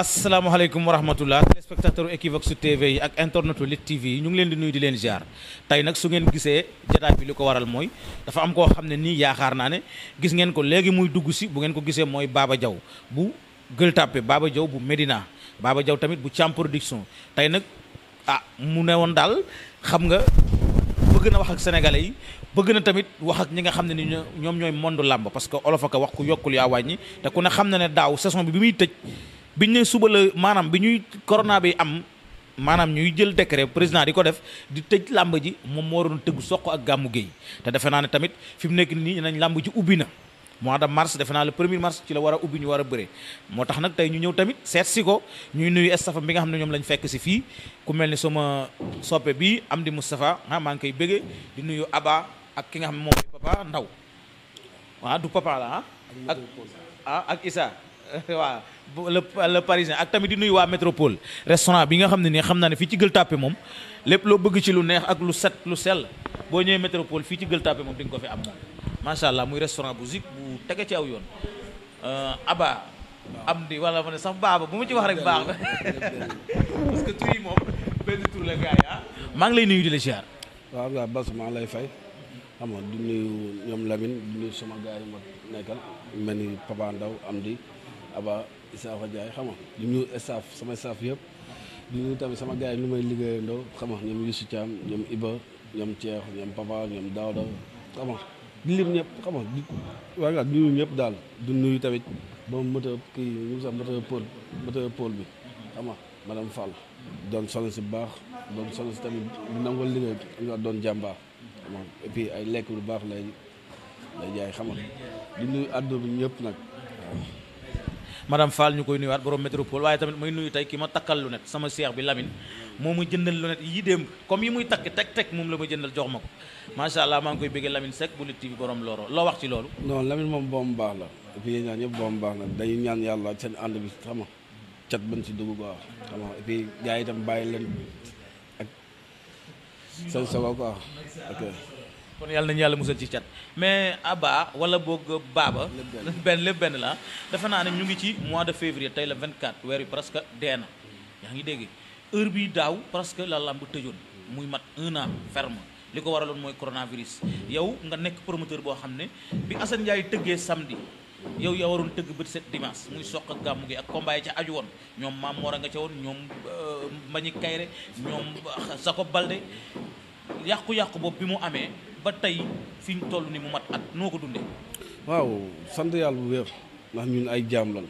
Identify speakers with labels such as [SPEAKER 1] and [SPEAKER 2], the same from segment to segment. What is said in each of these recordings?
[SPEAKER 1] asalaamaaleykum wa warahmatula téléspectateur Equivox TV yi ak internetu Lit TV yi ñu ngi leen di nuy di leen ziar tey nag su ngeen gisee jotaay bi li ko waral mooy dafa am koo xam ne nii yaakaar naa ne gis ngeen ko léegi muy dugg si bu ngeen ko gisee mooy baaba jaw bu gël Tapée baaba jaw bu Médina baaba jaw tamit bu Thiam Production tey nag ah mu ne woon daal xam nga bëgg na wax ak sénégalais yi bëgg na tamit wax ak ñi nga xam ne ni ñoom ñooy monde làmb parce que olof ak wax ku yokkul yaa wàññi te ku xam na ne daaw saison bi bi muy tëj biñ ne suba la maanaam bi ñuy corona bi am maanaam ñuy jël décret président di ko def di tëj làmb ji moom moo waroon tëgg soq ak gàmmu géey te defe naa ne tamit fi mu nekk nii nañ làmb ji ubbi na mois de mars defe naa premier mars ci la war a ubbi a bëre moo tax nag tey ñu ñëw tamit seet si ko ñuy nuyu estafam bi nga xam ne ñoom lañu fekk si fii ku mel ni sama soppe bi am di Moustapha ah maa ngi koy bëggee di nuyu Aba ak ki nga xam ne moom papa ndaw waa ah, du papa la ah ak ah, ak Issa waaw le le parisien ak tamit di nuyu waa métropole restaurant bi nga xam ne nii xam naa ne fii ci Gueule Tapée moom lépp loo bëgg ci lu neex ak lu set lu sel boo ñëwee métropole fii ci Gueule Tapée moom di nga ko fi am moom macha muy restaurant bu zik bu tege ci aw yoon euh, Aba. am di wala ma ne sax ma ci wax rek baax na parce ah. maa ngi lay nuyu di la ziar.
[SPEAKER 2] waaw Abdoulaye Bass maa lay fay xam nga du nuyu ñoom Lamine du sama gars yi ma nekkal mel ni Papa Ndaw am di. Aba Isaafa Diaye xam nga di nuyu staff sama staff yëpp di nuyu tamit sama gaa yi ñu may liggéeyandoo xam nga ñoom Youssou Thiam ñoom Iba ñoom Cheikh ñoom Papa ñoom Daouda xam nga di ñëpp xam nga ñëpp daal du nuyu tamit moom moteur kii ñu bi xam nga madame Fall doon solo si baax doon solo si tamit nangol liggéey doon jàmbaar xam ay lekk lu baax lay lay jaay ñëpp nag
[SPEAKER 1] madame Fall ñu koy nuyuwaat borom métropole waaye tamit muy nuyu tey ki ma takkal lunette sama seex bi Lamine moo muy jëndal lunette yi démb comme yi muy takk teg teg moom la ma jëndal jox ma ko macha allah maa ngi koy bëggee Lamine Seck bu Lutte TV borom looro loo wax ci loolu.
[SPEAKER 2] non Lamine moom boom baax la et puis yéen ñaan ñëpp boom baax la dañuy ñaan yàlla seen ànd bi xam nga cat bañ si dugg quoi xam nga et puis gars yi itam bàyyi leen ak seen solo quoi ok.
[SPEAKER 1] kon yàlla nañu yàlla musal ci cat mais Abba wala boog Baba. lépp benn lépp benn la defe naa ne ñu ngi ci mois de février tey la 24 weer wi presque dee na yaa ngi dégg heure bi daaw presque la lamb tëjoon muy mat un an ferme li ko waraloon mooy coronavirus. yow nga nekk promoteur boo xam ne bi Assane Ndiaye tëggee samedi. yow yaa waroon tëgg bët set dimanche muy soq ak gàmmu gi ak combat ca aju woon ñoom maam Mor a nga ca woon ñoom euh, Mbañi Kayre ñoom Jacob Balde yàqu-yàqu boobu bi mu amee ba tey fi ñu toll ni mu mat at noo ko dundee.
[SPEAKER 2] waaw sant yàlla bu wér ndax ñun ay jaam lan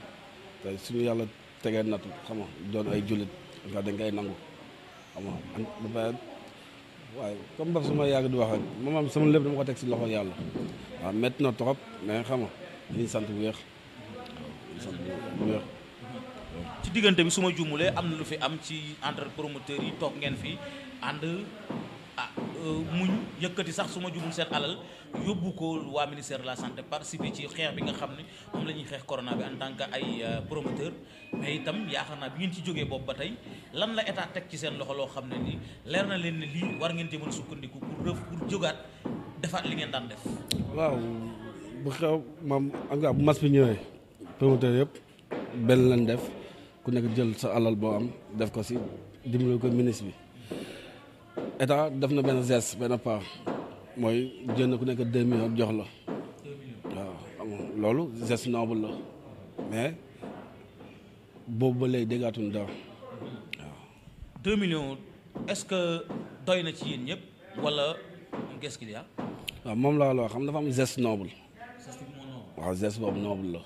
[SPEAKER 2] te suñu yàlla tegee natu xam nga doon ay jullit nga dañ koy nangu xam nga waaye comme ba suma yàgg di wax rek moom sama lépp dama ko teg si loxo yàlla waaw na trop mais xam nga sant bu wér
[SPEAKER 1] ci diggante bi su ma juumulee am na lu fi am ci entre promoteurs yi toog ngeen fii ànd ah, Euh, muñ yëkkati sax su ma jubul seen alal yóbbu ko waa ministère de la santé participer ci xeex bi nga xam ne moom la ñuy xeex corona bi en tant que ay euh, promoteur mais itam yaakaar naa bi ngeen ci jógee bopp ba tey lan la état teg ci seen loxo loo xam ne ni leer na leen ne lii war ngeen ci mën sukkandiku pour def pour jógaat defaat li ngeen daan def.
[SPEAKER 2] waaw bu xew maam en tout bu mas bi ñëwee promoteur yëpp benn lañ def ku nekk jël sa alal boo am def ko si dimbali ko ministre bi. état def na benn geste benn paax mooy jënd ku nekk deux millions jox la waaw loolu geste noble la mais boobu ba léegi déggaatuñ dara
[SPEAKER 1] waaw. est-ce que doy na ci yéen ñëpp wala quest
[SPEAKER 2] moom laa la wax xam dafa am geste noble. waaw geste boobu noble la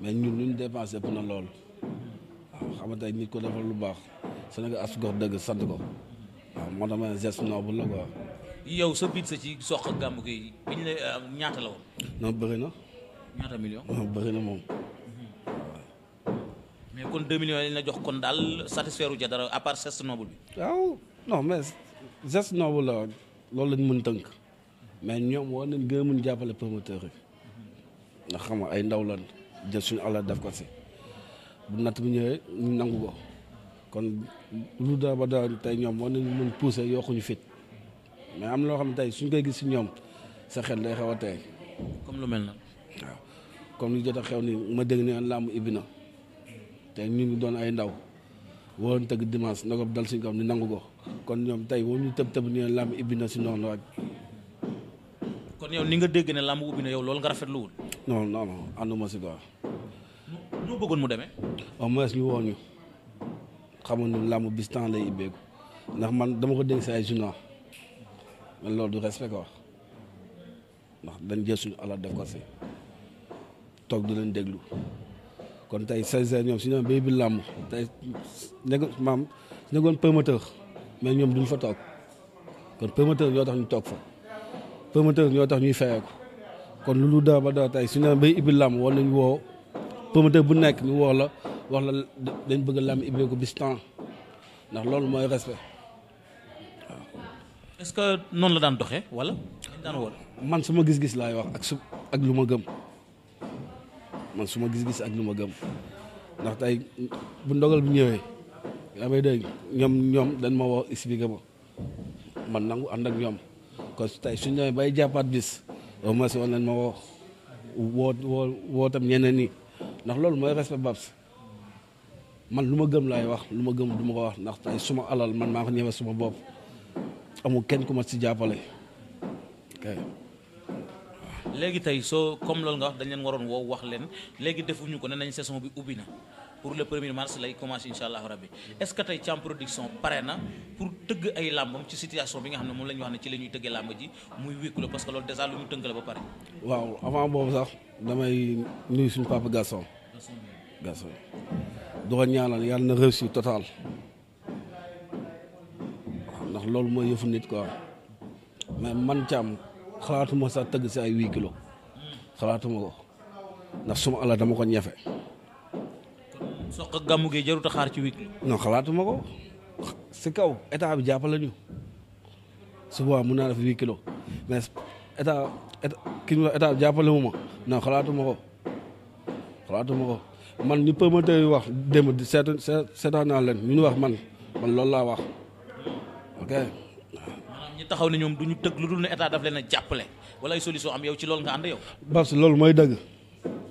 [SPEAKER 2] mais ñun lu ñu dépensé pour na loolu waaw xam nga nit ko defal lu baax su nekk as gox dëgg sant ko. moo tax ma ne geste noble la quoi.
[SPEAKER 1] yow sa bit sa ci soq ak gàmmu gi ñu lay euh, ñaata la woon. non na. ñaata million. non
[SPEAKER 2] na moom. Mm-hmm.
[SPEAKER 1] mais kon 2 millions yi la jox kon daal satisfaire wu ca dara à part geste noble
[SPEAKER 2] mais geste noble la loolu lañ mën tënk. mais ñoom war nañ gën a mën jàppale promoteur yi. ndax xam nga ay ndaw lan jël suñu alal def ko si bu natt bi ñëwee nangu ko kon. lu daaw ba daaw tey ñoom war nañu mën pousser yokkuñu fit mais am na loo xam ne tey suñ koy gis si ñoom sa xel day xaw a tey. comme lu mel na waaw comme li jot a xew ni ma dégg ne làmb ibbi na te ñu ngi doon ay ndaw waroon tëgg dimanche na ko dal suñ ko nangu ko kon ñoom tey woo ñu tëb tëb làmb ibbi na si noonu waaj.
[SPEAKER 1] kon yow ni nga dégg ne làmb ubbi na yow loolu nga rafetlu wul.
[SPEAKER 2] non non non ànduma si quoi.
[SPEAKER 1] nu bëggoon mu demee.
[SPEAKER 2] au ñu woo xamoon ne làmb bis temps lay ibbeeku ndax man dama ko dénk si ay junior loolu du respect ko wax dañ jël suñu alal def ko si toog di leen déglu tey saisonnière si ñoom béy bi làmb tey nekk nekkoon promoteur mais ñoom duñ fa toog kon promoteur ñoo toog fa promoteur ñoo tax ñuy fayeeku kon lu lu dara ba dara tey su ñu bay ibil làmb wala ñu woo promoteur bu nekk ñu woo la. wax la dañ bëgg làmb ibbeeku bis temps
[SPEAKER 1] ndax loolu mooy respect waaw. est-ce que noonu la daan doxee wala daan woon.
[SPEAKER 2] man suma gis-gis laay wax ak su ak lu ma gëm man suma gis-gis ak lu ma gëm ndax tey bu ndogal bu ñëwee yaa may dégg ñoom ñoom dañ ma woo expliqué ma man nangu ànd ak ñoom kon tey suñ demee bay jàppaat bis au moins woon nañ ma woo woo woo tam ñeneen ñi ndax loolu mooy respect Babs. man lu ma gëm laay wax lu ma gëm du ma ko wax ndax tey suma alal man maa ko ñëwee suma bopp amul kenn ku ma si jàppale kay
[SPEAKER 1] léegi tey soo comme loolu nga wax dañ leen waroon woo wax leen léegi defuñu ko ne nañ saison bi ubbi na pour le premier mars lay commencé incha allah rabbi est-ce que tey Thiam Production pare na pour tëgg ay làmbam ci situation bi nga xam ne moom la ñu wax ne ci la ñuy tëggee làmb ji muy wékku la parce que loolu déjà lu ñu tënk la ba pare.
[SPEAKER 2] waaw avant boobu sax damay nuyu suñu papa Gasson. Gasson du ko ñaanal na réussite totale ndax loolu mooy yëfu nit quoi mais man caam xalaatuma sax tëgg si ay huit kilos xalaatuma ko ndax suma
[SPEAKER 1] soq ak gàmmu gi jarut
[SPEAKER 2] xalaatuma ko si kaw état bi jàppale ñu suba mun naa def huit kilos mais état état ki ñu bi jàppale wu ma non xalaatuma ko xalaatuma ko. man ñu promoteur yi wax démb di seet seetaan naa leen ñu wax man man loolu laa wax ok.
[SPEAKER 1] maanaam ñi taxaw ne ñoom du ñu tëgg lu dul ne état daf leen a jàppale wala ay solution am yow ci loolu nga ànd yow.
[SPEAKER 2] parce que loolu mooy dëgg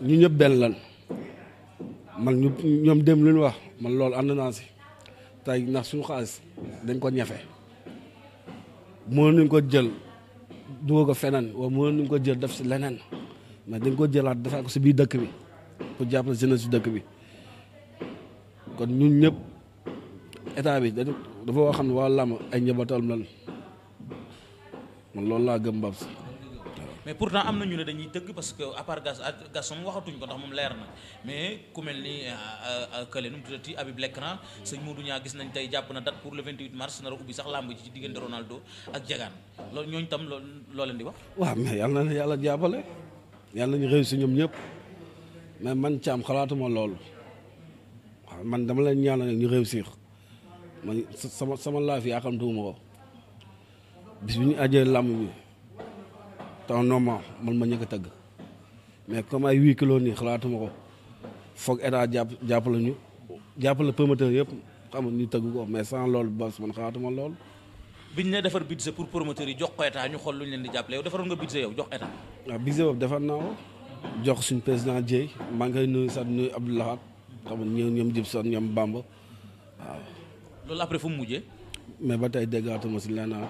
[SPEAKER 2] ñu ñëpp benn lan man ñu ñoom démb lu ñu wax man loolu ànd naa si tey ndax suñu xaalis dañ ko ñafe mënoon nañ ko jël dugal ko feneen wala mënoon nañ ko jël def si leneen mais dañ ko jëlaat defaat ko si biir dëkk bi. pour jàppale jeunesse su dëkk bi kon ñun ñëpp état bi dafa wax xam ne waa làmb ay njabootam lan man loolu laa gëm Babs.
[SPEAKER 1] mais pourtant am na ñu ne dañuy tëgg parce que à part gas waxatuñ ko ndax moom leer na mais ku mel ni euh, euh, kële nu mu tuddati Habib Lecran sëñ Modou ñaa gis nañ tey jàpp na date pour le 28 mars nar a ubbi sax làmb ji ci diggante Ronaldo ak Diegane loolu tam loo loo leen di wax.
[SPEAKER 2] waaw mais yàlla na yàlla jàppale yàlla nañu réussir ñoom ñëpp. mais man Thiam xalaatuma lool waaw man dama leen ñaanal ñu réussir man sama sama laaf yi yàqamtuwuma ko bis bi ñu ajee làmb bi temps normal man ma ñëkk a tëgg mais comme ay huit kilos nii xalaatuma ko foog état jàpp jàppale ñu jàppale promoteur yëpp xam nga ñu tëgg ko mais sans loolu bas man xalaatuma loolu.
[SPEAKER 1] biñ ne defar budget pour promoteur yi jox ko état ñu xool lu ñu leen di jàppale yow defaroon nga budget yow jox état.
[SPEAKER 2] waaw budget boobu defar naa ko. jox suñu président Dieye maa ngi koy nuyu sax nuyu Abdoulahat xam nga ñoom Gibson ñoom Bamba waaw.
[SPEAKER 1] loolu après fu mu mujjee.
[SPEAKER 2] mais ba tey déggaatuma si lenn waaw.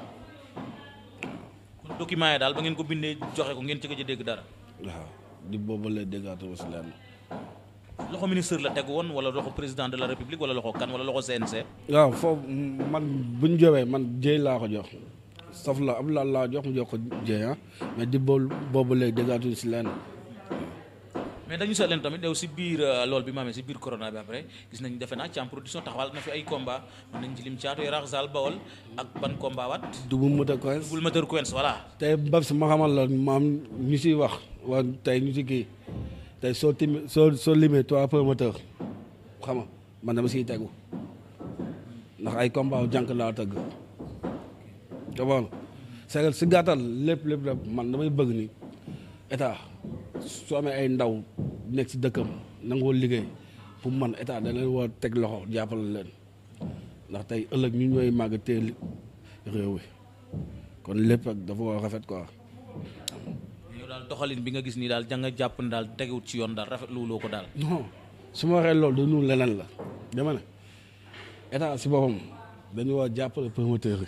[SPEAKER 1] Ah. yi daal ngeen ko bindee joxe ko ngeen ci dégg dara.
[SPEAKER 2] waaw di boobu lay déggaatuma si lenn.
[SPEAKER 1] loxo ministre la teg woon wala loxo président de la république wala loxo kan wala loxo CNC.
[SPEAKER 2] waaw foofu man bu ñu joxee man Dieye laa ko jox. saf la Abdoulahat laa jox mu jox ko Dieye ah mais di boobu lay déggaatu si lenn.
[SPEAKER 1] mais dañu seet leen tamit yow si biir euh, lool bi ma amee si biir corona bi après gis nañ defe naa ci am production taxawal na fi ay combat mën nañ ci lim caatu yaraax Zal Bawol ak ban combat waat. double moteur coins double moteur coins voilà.
[SPEAKER 2] ma xamal la maam ñu siy wax waa tey ñu si kii tey soo timé soo soo limee trois promoteurs xam nga man dama siy tegu ndax ay combat wu jànk laa tëgg te bon si gàttal lépp lépp man damay bëgg ni état. su amee ay ndaw nekk si dëkkam nangoo liggéey pour man état da leen war teg loxo jàppale leen ndax tey ëllëg ñu ñooy màgg teel réew mi kon lépp ak dafa war rafet quoi.
[SPEAKER 1] yow daal doxalin bi nga gis nii daal janga jàpp ne daal tegewut ci yoon daal rafetluwuloo ko daal.
[SPEAKER 2] non su ma waxee lool du ñu leneen la dama ne état si boppam dañu war a jàppale promoteur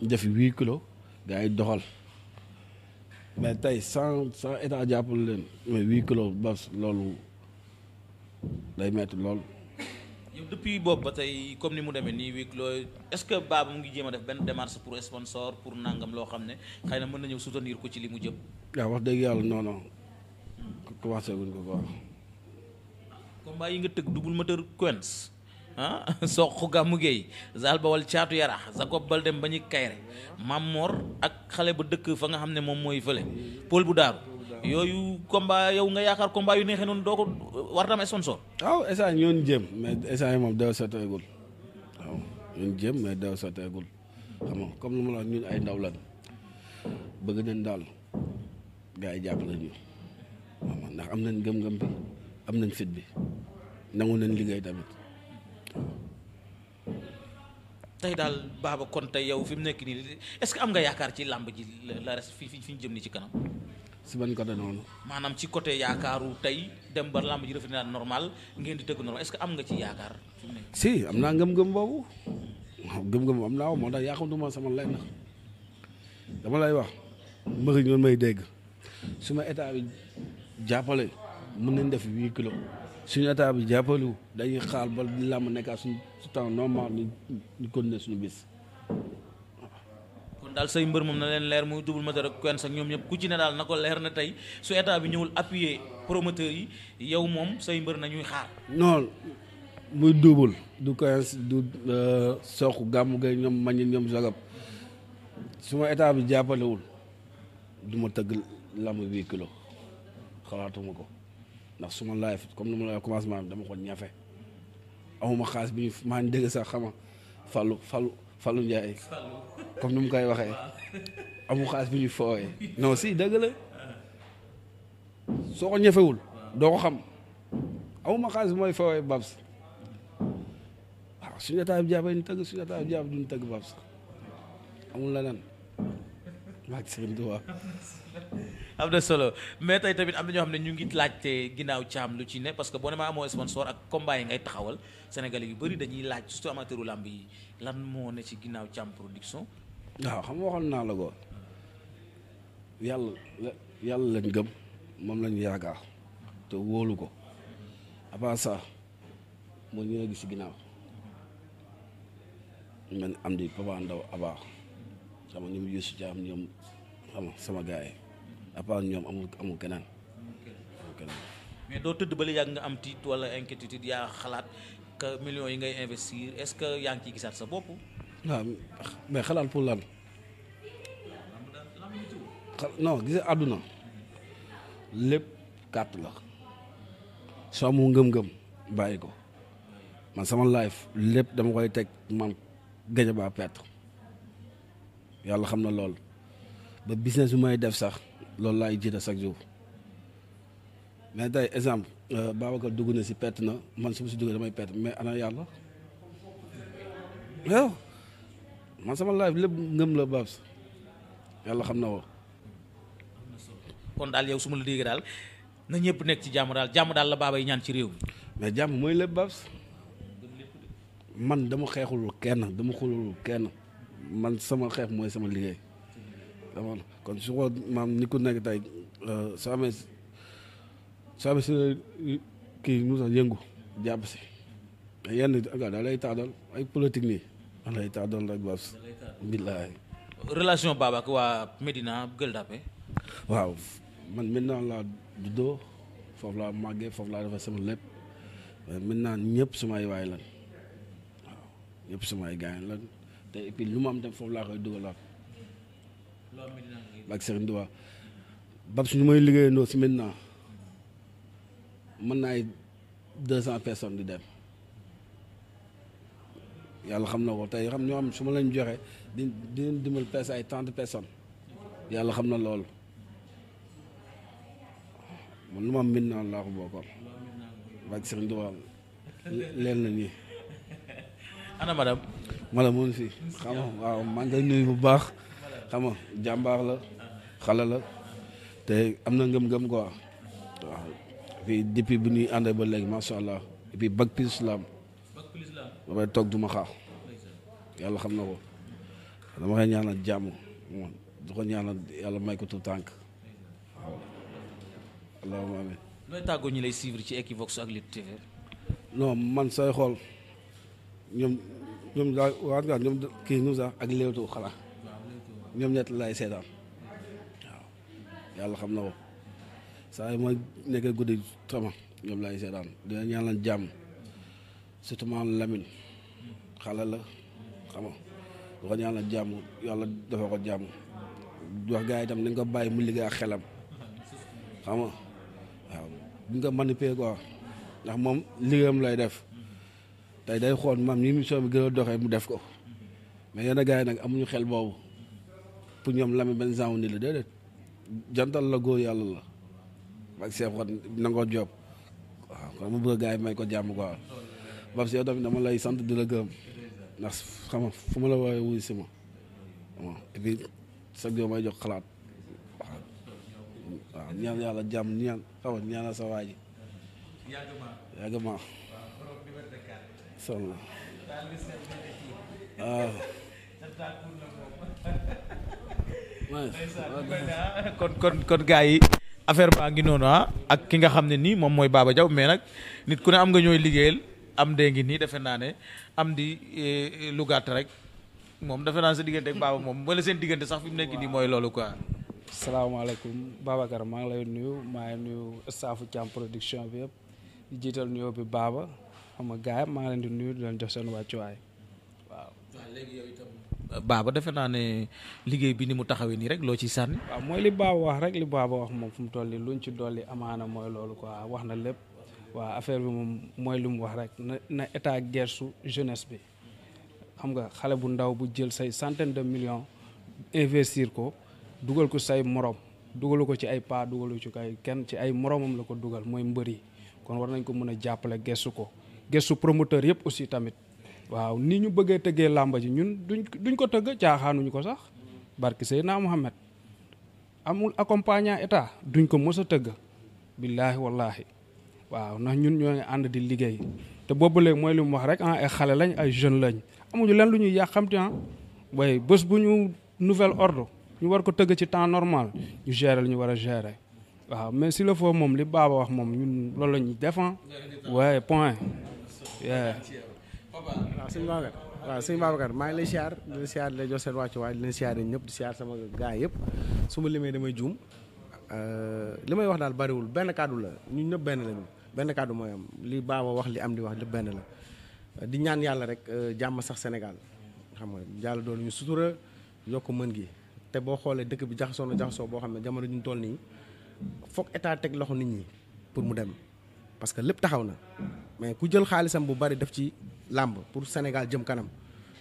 [SPEAKER 2] yi def huit kilos gars yi doxal. mais tey sans sans état jàppale leen mais huis clos bas loolu day metti lool.
[SPEAKER 1] yow depuis boobu ba tey comme ni mu demee nii huis clos est-ce que Baba mu ngi jéem a def benn démarche pour sponsor pour nangam loo xam ne xay na mën na ñëw soutenir ko ci li mu jëm.
[SPEAKER 2] yaa wax dëgg yàlla non non commencé wuñ ko quoi.
[SPEAKER 1] combat yi nga tëgg double moteur Quench. ah soq gàmmu géey zaal bawal caatu yaraax Jacob Baldé Mbagnick Kaïré Mamor ak xale ba dëkk fa nga xam ne moom mooy fële Paul bu daaru yooyu combat yow nga yaakaar combat yu neexee noonu doo ko war na am sponsor
[SPEAKER 2] waaw instant ñoo jëm mais instant moom dew sotteegul waaw ñoo jëm mais dew sotteegul xam comme lu ma la ñun ay ndaw lan bëgg nañ daal gars yi jàpp nañ ñu waaw ndax am nañ gëm-gëm bi am nañ fit bi nangu nañ liggéey tamit
[SPEAKER 1] tey daal baaba kon tey yow fi mu nekk nii est-ce que am nga yaakaar ci làmb ji la res fi fi ñu jëm ni ci kanam.
[SPEAKER 2] si ban côté noonu.
[SPEAKER 1] maanaam ci côté yaakaaru tey dem ba làmb ji rafet naa normal ngeen di tëgg normal est-ce am nga ci yaakaar.
[SPEAKER 2] si am naa ngëm-ngëm boobu waaw ngëm-ngëm am naa moo tax yàqutuma sama lenn dama lay wax mbër ñoom may dégg su ma état bi jàppale mën nañ def huit kilos suñu état bi jàppaliwu dañuy xaar ba di làmb nekkaat suñu temps normal ñu ñu continuer suñu bis.
[SPEAKER 1] kon daal say mbër moom na leen leer muy Double Moteur ak Quench ak ñoom ñëpp ku ci ne daal na ko leer na tey su état bi ñëwul appuyer promoteur yi yow moom say mbër nañuy xaar.
[SPEAKER 2] non muy Double du Quench du euh, Sokh Gamou Gueye ñoom Mañi ñoom Jogab su ma état bi jàppalewul du ma tëgg làmb bi kilo xalaatuma ko. ndax suma life comme nu ma la commencement dama ko ñafe amuma xaas bi maa ngi dégg sax xama Fallou Fallou Fallou comme nu mu waxee amu xaas bi ñu fooyee non si dëgg la soo ko ñëfewul doo xam amuma xaalis bi mooy fooyee Babs waaw suñu état bi jàppee ñu tëgg suñu état bi jàpp duñu tëgg Babs amul leneen maa ngi sëriñ Tuubaa
[SPEAKER 1] am na solo mais tey tamit am na ñoo xam ne ñu ngi laajte ginnaaw caam lu ci ne parce que boo ne maa amoo sponsor ak combat yi ngay taxawal sénégalais yu bëri dañuy laaj surtout amateuru làmb yi lan moo ne ci ginnaaw caam production.
[SPEAKER 2] waaw xam waxoon naa la ko yàlla yàlla lañ gëm moom lañu yaakaar te wóolu ko avant ça moo ñu gis ginnaaw man am di Papa Ndaw Aba xam nga ñoom Youssou Thiam sama gars yi à part ñoom amul amul keneen.
[SPEAKER 1] mais doo tëdd ba la yàgg nga am tiit wala inquiétude yaa xalaat que millions yi ngay investir est-ce que yaa ngi ciy gisaat sa bopp.
[SPEAKER 2] waaw mais xalaat pour lan. non gis àdduna lépp kàtt la soo amul ngëm-ngëm bàyyi ko man sama life lépp dama koy teg man gañe ba yàlla xam na lool ba business bi may def sax loolu laay jiite chaque jour mais tey exemple euh, Babacar dugg na si perte na man su ma si duggee damay perte mais ana yàlla yow man sama life lépp ngëm la Babs yàlla xam na ko.
[SPEAKER 1] kon daal yow su ma la déggee daal na ñëpp nekk ci jàmm daal jàmm daal la baaba yi ñaan ci réew mi.
[SPEAKER 2] mais jàmm mooy lépp Babs man dama xeexul kenn dama xulul kenn man sama xeex mooy sama liggéey dama kon su ko maam ni ku nekk tey soo amee soo amee si kii nu sax yëngu jàpp si yenn daa ay politique nii da lay taadal rek bas billaay
[SPEAKER 1] relation Baba waa Medina Gueule Tapée waaw man
[SPEAKER 2] maintenant laa juddoo foofu laa màggee foofu laa defee sama lépp maintenant ñëpp sumay waay lan waaw ñëpp sumay gaañ lan te et lu ma am dem foofu laa koy dugalaat ak Serigne Touba mm-hmm. Babs ñu may liggéeyandoo si maintenant mën naa ay deux cent personnes di dem yàlla xam na ko tey xam ñoo xam su ma leen joxe di di leen dimbal personnes ay trente personnes yàlla xam na lool man lu ma am maintenant laa ko bokkoon ak Serigne Touba na nii. ana madame. madame moom fii xam nga bu baax. xam nga jàmbaar la xale la te am na ngëm-ngëm quoi waaw fii bu ñuy àndee ba léegi macha allah et puis bac plus islam ba may toog du yàlla xam na ko dama koy ñaanal jàmm du ko ñaanal yàlla may ko tout tànk waaw allahumma amin
[SPEAKER 1] nooy tàggoo ñi lay ci Equivox ak
[SPEAKER 2] man sooy xool ñoom ñoom daal waa ñoom kii nu sax ak Leewtoo xalaa ñoom ñett laay seetaan waaw yàlla xam na ko saa yi ma nekkee guddi sama ñoom lay seetaan dina ñaanal jàmm surtout maanaam Lamine xale la xam nga du ko ñaanal jàmm yàlla dafa ko jàmm wax gars yi tam nañ ko bàyyi mu liggéey ak xelam xam nga waaw duñ ko manipuler ndax moom liggéeyam lay def tey day xool maam ni mission bi gën a doxee mu def ko mais yenn gars yi nag amuñu xel boobu. pour ñoom Lamine benn genre ni la déedéet jantal la góor yàlla la ak Cheikh nangoo Diop waaw kon mu bëgg gars may ko jàmm quoi Babs yow tamit dama sant di la gërëm ndax xam nga fu ma la wu wuyu si ma bon et puis chaque jour may jox xalaat waaw waaw ñaan yàlla jàmm sa waa ji
[SPEAKER 1] ma waaw. kon kon kon gaa yi affaire baa ngi noonu ah ak ki nga xam ne nii moom mooy Baba Diaw mais nag nit ku ne am nga ñooy liggéeyal am dee ngi nii defe naa ne am di eh, lu gàtt rek moom defe naa sa diggante ak Baba moom wala seen diggante sax fi mu nekk nii mooy loolu quoi.
[SPEAKER 3] salaamaaleykum Babacar maa ngi lay nuyu maa ngi nuyu staffu Thiam production bi yëpp di jiital nuyoo bi baaba xam nga gars yi maa ngi leen di nuyu di leen jox seen wàccuwaay
[SPEAKER 4] waaw.
[SPEAKER 1] baaba defe naa ne liggéey bi ni mu taxawee nii rek loo ciy sànni.
[SPEAKER 3] waaw mooy li baaba wax rek li baaba wax moom fu mu toll nii luñ ci dolli amaana mooy loolu quoi wax na lépp waaw affaire bi moom mooy lu mu wax rek na état gersu jeunesse bi xam nga xale bu ndaw bu jël say centaine de million investir ko dugal ko say morom dugalu ko ci ay pas dugalu ci ay kenn ci ay moromam la ko dugal mooy mbër yi kon war nañ ko mën a jàppale gestu ko gestu promoteur yëpp aussi tamit. waaw ni ñu bëggee tëggee làmba ji ñun duñ duñ ko tëgg caaxaanuñu ko sax barki Seydina Mohamed amul accompagnant état duñ ko mës a tëgg billaahi wallaahi waaw ndax ñun ñoo ànd di liggéey te boobu léegi mooy lu mu wax rek ah ay xale lañ ay jeunes lañ amuñu leen lu ñuy yàq yàqamti ah waaye bës bu ñu nouvelle ordre ñu war ko tëgg ci temps normal ñu gérer ñu war a gérer waaw mais si la foo moom li baaba wax moom ñun loolu la
[SPEAKER 1] ñuy défend ah.
[SPEAKER 3] waaye point
[SPEAKER 1] waaw sëñ Babacar waaw sëñ maa ngi lay siyaar di la siyaar di la jox seen wàccuwaay di leen siyaar yi ñëpp di siyaar sama gaa yëpp su ma limee damay juum euh, li may wax daal bariwul benn kàddu la ñu ñëpp benn lañu benn kàddu mooy am li baaba wax li am di wax lépp benn la di ñaan yàlla rek euh, jàmm sax Sénégal xam nga yàlla doon ñu sutura yokk mën gi te boo xoolee dëkk bi jaxasoo na jaxasoo boo xam ne jamono ñu toll nii foog état teg loxo nit ñi pour mu dem parce que lépp taxaw na làmb pour Sénégal jëm kanam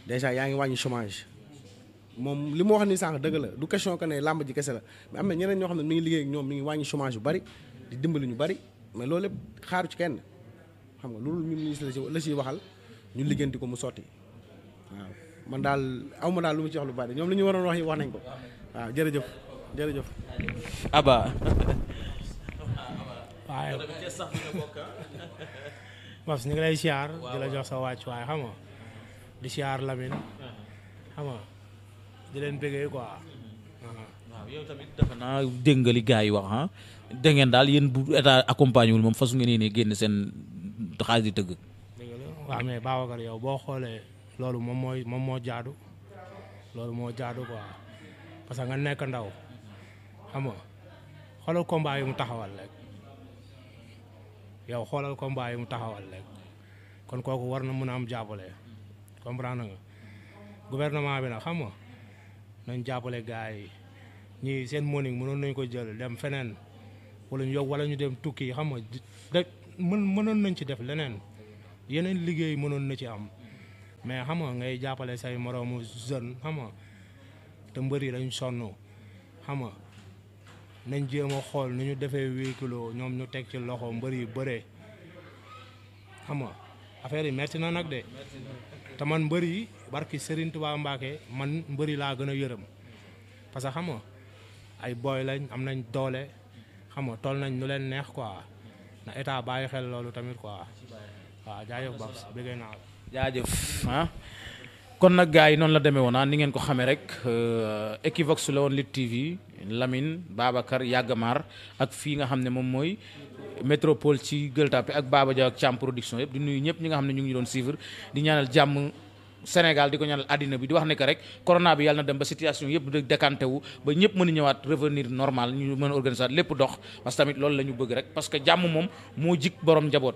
[SPEAKER 1] déjà yaa ngi wàññi chômage moom li mu wax ni sànq dëgg la du question que ne làmb ji kese la mais am na ñeneen ñoo xam ne mi ngi liggéey ak ñoom mi ngi wàññi chômage yu bari di dimbali ñu bari mais loolu lépp xaaru ci kenn xam nga loolu ñun la ci waxal ñu liggéenti ko mu sotti waaw man daal aw ma daal lu mu ci wax lu bari ñoom li ñu waroon wax yi wax nañ ko waaw jërëjëf
[SPEAKER 4] jërëjëf. Aba. Mabs ñu ngi lay siyaar di la jox sa wàccuwaay xam nga di siyaar Lamine uh-huh. xam nga di leen bëggee quoi uh-huh. Uh-huh. waaw
[SPEAKER 1] yow dégg nga li gars yi wax ah daal yéen bu état accompagné wul moom fasu ngeen ne génn seen xaalis di tëgg
[SPEAKER 4] waaw mais Babacar yow boo xoolee loolu moom mooy moom moo jaadu loolu moo jaadu quoi parce que nga nekk ndaw xam nga xoolal combat taxawal yow xoolal combat yi mu taxawal rek kon kooku war na mun a am jàppale comprendre nga gouvernement bi nag xam nga nañ jàppale gars yi ñii seen morning mënoon nañ ko jël dem feneen wala ñu yokk wala ñu dem tukki xam nga de mën mënoon nañ ci def leneen yeneen liggéey mënoon na ci am mais xam ngay jàppale say moroomu jeune xam nga te mbër yi dañ sonn nañ jéem a xool nu ñu defee huit kilos ñoom ñu teg ci loxoo mbëri yi bëree xam nga affaire yi metti na nag de te man mbër yi barki Serigne Touba Mbacke man mbër laa gën a yërëm parce que xam nga ay booy lañ am nañ doole xam nga toll nañ nu leen neex quoi na état bàyyi xel loolu tamit quoi waaw jaajëf Babs bëggee naa la
[SPEAKER 1] jaajëf ah. kon nag gars yi noonu la demee woon ah, ni ngeen ko xamee rek euh, Equivox la woon Lutte TV Lamine Babacar Yaggamar ak fii nga xam ne moom mooy métropole ci Gueule Tapée ak Baba Diaw ak Thiam production yëpp di nuyu ñëpp ñi nga xam ne ñu ngi doon suivre di ñaanal jàmm. Sénégal di ko ñaanal àddina bi di wax ne que rek corona bi yàlla na dem ba situation yëpp di décanté wu ba ñëpp mën a ñëwaat revenir normal ñu mën a organiser lépp dox parce tamit loolu la ñu bëgg rek parce que jàmm moom moo jik borom njaboot.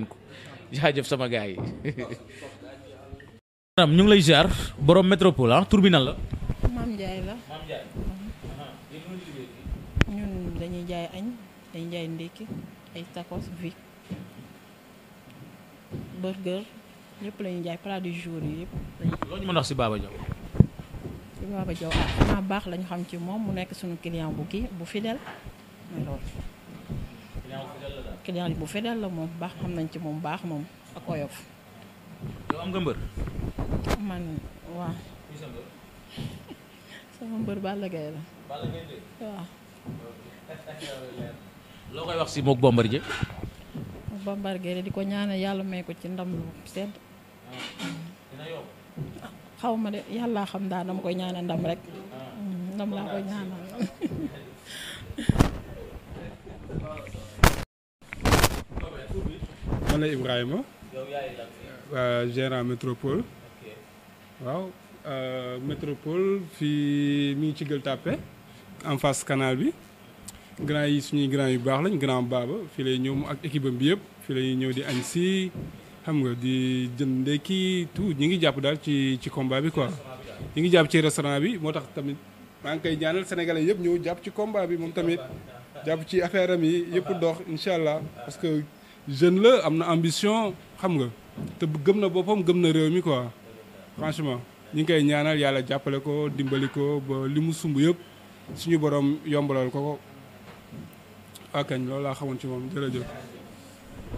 [SPEAKER 1] leen ñu ngi lay ziar borom métropole ah tur la. Maam Ndiaye la. ñun dañuy jaay añ dañuy jaay ndékki ay tacos vic
[SPEAKER 3] burger yëpp la jaay plat du jour yi yëpp.
[SPEAKER 1] loolu ñu mën a wax si Baba Diaw.
[SPEAKER 3] si Baba Diaw ah baax la xam ci moom mu nekk suñu client
[SPEAKER 1] bu kii bu fidèle mooy loolu. client bu fidèle la moom baax xam nañ ci moom baax moom ak oyof. yow am nga mbër. man waaw. sama mbër Balla Gaye la. Balla loo koy wax si moog Bombardier. moog Bombardier di ko ñaanal yàlla may ko ci ndam lu sedd. dina yomb. xaw ma de yàlla xam daal dama koy ñaanal ndam rek. Ah. Mm, ndam laa koy ñaanal.
[SPEAKER 3] man la Ibrahima. yow yaay lan euh, gérant métropole. waaw euh, métropole fii mi ngi ci Gueule Tapée en face canal bi. grand yi suñuy grand yu baax lañ grand baaba fii lay ñëw ak équipe am bi yëpp fii lay ñëw di añ si xam nga di jënd ndekki tout ñu ngi jàpp daal ci ci combat bi quoi. ñi ngi jàpp ci restaurant bi moo tax tamit maa ngi koy ñaanal sénégalais yëpp ñëw jàpp ci combat bi moom tamit jàpp ci affaire yi yëpp dox incha allah parce jeune la am na ambition xam nga te bu gëm na boppam gëm na réew mi quoi franchement ñu ngi koy ñaanal yàlla jàppale ko dimbali ko ba li mu sumb yëpp suñu borom yombalool ko ko akañ loolu laa xamoon ci moom jërëjëf.